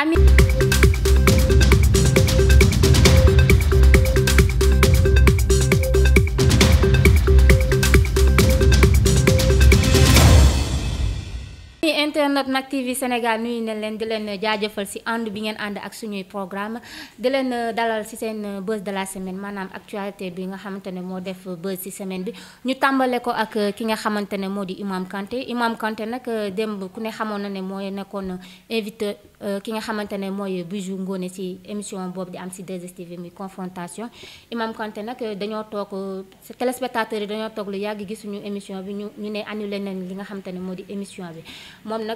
Amin. internet nag TV Sénégal nuyu nañ leen di leen jaajëfal si ànd bi ngeen ànd ak suñuy programme di leen dalal si seen buzz de la semaine maanaam actualité bi nga xamante ne moo def buzz si semaine bi ñu tàmbale ko ak ki nga xamante ne moo di Imam Kanté Imam Kanté nag démb ku ne xamoon na ne mooy nekkoon invité euh, ki nga xamante ne mooy jour ngoone si émission boobu di am si 2STV muy confrontation Imam Kanté nag dañoo toog euh, téléspectateurs yi dañoo toog lu yàgg gisuñu émission bi ñu ñu ne annulé nañ li nga xamante ne moo di émission bi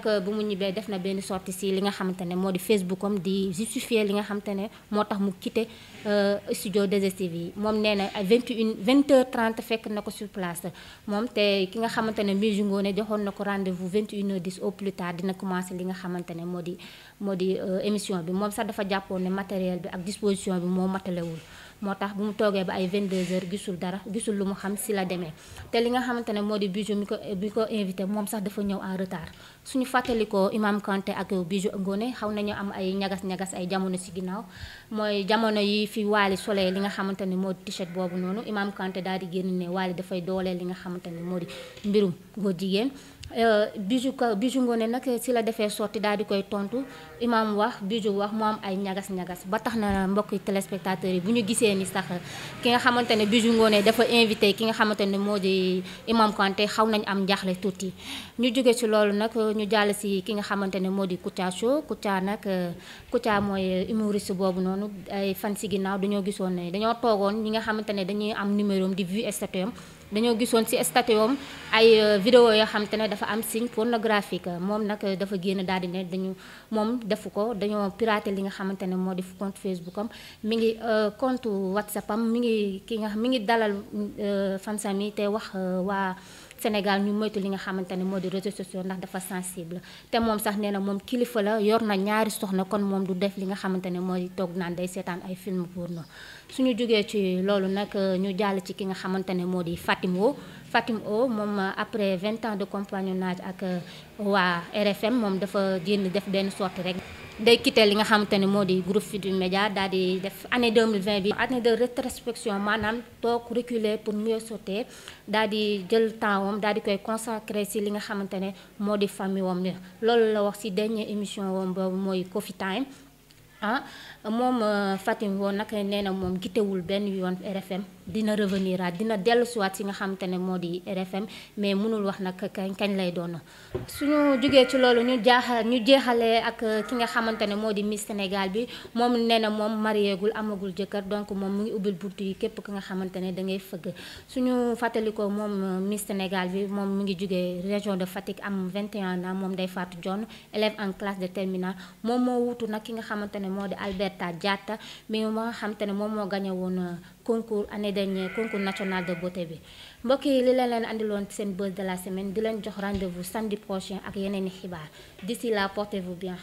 nag bu mu ñibbee def na benn sortie si li nga xamante ne moo di Facebook am di justifier li nga xamante ne moo tax mu quitté euh, studio 2STV yi moom nee na ay 21 20 heures 30 fekk na ko sur place moom te ki nga xamante ne Mbise Ngoné joxoon na ko rendez-vous 21 heures 10 au plus tard dina commencé li nga xamante ne moo di moo di euh, émission bi moom sax dafa jàppoon ne matériel bi ak disposition bi moo matalewul moo tax bu mu toogee ba ay 22h gisul dara gisul lu mu xam si la demee te li nga xamante ne moo di Bijou mi ko bi ko invité moom sax dafa ñëw en retard suñu fàttalikoo Imam Kanté ak Bijou Ngoné xaw nañu am ay ñagas-ñagas ay jamono si ginnaaw mooy jamono yi fi Waly solee li nga xamante ne moo di t boobu noonu Imam Kanté daal di génn ne Waly dafay dooleel li nga xamante ne moo di mbirum góor jigéen euh, Bijou ko Bijou Ngoné nag si la defee sotti daal di koy tontu Imam wax Bijou wax mu am ay ñagas-ñagas ba tax na mbokk téléspectateurs yi bu ñu gisee ni sax ki nga xamante ne Bijou Ngoné dafa invité ki nga xamante ne moo di Imam Kanté xaw nañ am njaaxle tuuti ñu jóge ci loolu nag ñu jàll si ki nga xamante ne moo di Kouthia Show Kouthia nag Kouthia mooy humoriste boobu noonu ay fan si ginnaaw dañoo gisoon ne dañoo toogoon ñi nga xamante ne dañuy am numéro di vue statut dañoo gisoon ci statut am ay euh, vidéo yoo xam ne dafa am signe pornographique moom nag euh, dafa génn daal di ne dañu moom defu ko dañoo piraté li nga xamante ne moo def compte Facebook am mi ngi euh, compte WhatsApp am mi ngi kii nga mi ngi dalal fansam yi tey wax waa Sénégal ñu moytu li nga xamante ne moo di réseaux sociaux ndax dafa sensible te moom sax nee na moom kilifa la yor na ñaari soxna kon moom du def li nga xamante ne mooy toog naan day seetaan ay film porno suñu jógee ci loolu nag ñu jàll ci ki nga xamante ne moo di Fatim O O moom après vingt ans de compagnonnage ak waa RFM moom dafa génn def benn sortie rek day quitté li nga xamante ne moo di groupe Futurs Médias daal di def année 2020 bi année de rétrospection maanaam toog réculer pour mieux sauter daal di jël temps wam daal di koy consacré si li nga xamante ne moo di famille ni loolu la wax si dernière émission wam boobu mooy Coffee Time ah moom euh, Fatim woon nag nee na moom gitewul benn yoon RFM dina revenir à ah, dina dellu siwaat si nga xam ne moo di RFM mais munul wax nag kañ kañ lay doon suñu jógee ci loolu ñu jaaxal ñu jeexalee ak euh, ki nga xamante ne moo di Miss Sénégal bi moom nee na moom mariéegul amagul jëkkër donc moom mu ngi ubbil bunt yi képp ki nga xamante ne da ngay fëgg suñu fàttalikoo moom euh, Miss bi moom mu ngi jógee région de Fatick am 21 ans moom day Fatou Dione élève en classe de terminale moom moo wutu nag ki nga xamante moo di Alberta Diatta mi moo nga xam te ne moom moo gagné woon euh, concours année dernière concours national de beauté bi mbokk yi li leen leen andiloon seen buzz de la semaine di leen jox rendez-vous samedi prochain ak yeneen i xibaar d'ici la portez-vous bien.